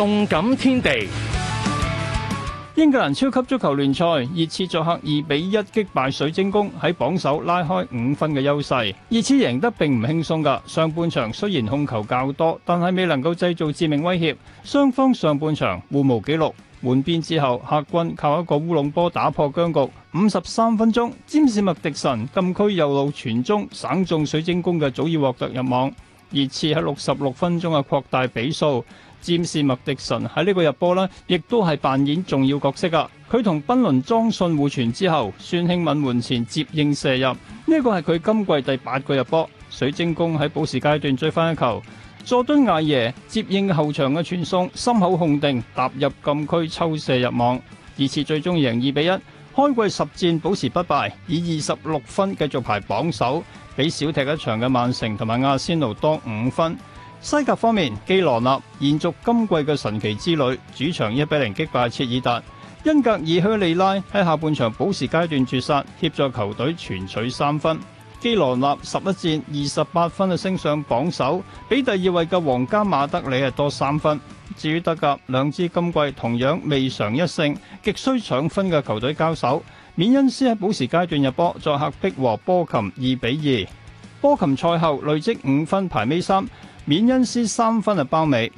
動感天地，英格蘭超級足球聯賽，熱刺作客二比一擊敗水晶宮，喺榜首拉開五分嘅優勢。熱刺贏得並唔輕鬆㗎，上半場雖然控球較多，但係未能夠製造致命威脅。雙方上半場互無紀錄，換邊之後，客軍靠一個烏龍波打破僵局。五十三分鐘，詹士麥迪神禁區右路傳中，省中水晶宮嘅祖爾獲特入網。熱刺喺六十六分鐘嘅擴大比數，占士麥迪臣喺呢個入波呢，亦都係扮演重要角色㗎。佢同賓倫莊信互傳之後，孫興敏門前接應射入，呢個係佢今季第八個入波。水晶宮喺補時階段追翻一球，佐敦艾爺接應後場嘅傳送，心口控定踏入禁區抽射入網，熱刺最終贏二比一。開季十戰保持不敗，以二十六分繼續排榜首，比小踢一場嘅曼城同埋阿仙奴多五分。西甲方面，基羅納延續今季嘅神奇之旅，主場一比零擊敗切爾達。恩格爾赫利拉喺下半場補時階段絕殺，協助球隊全取三分。基羅納十一戰二十八分啊，升上榜首，比第二位嘅皇家馬德里係多三分。至於德甲，兩支今季同樣未嘗一勝，極需搶分嘅球隊交手。緬恩斯喺補時階段入波，作客逼和波琴二比二。波琴賽後累積五分排尾三，緬恩斯三分係包尾。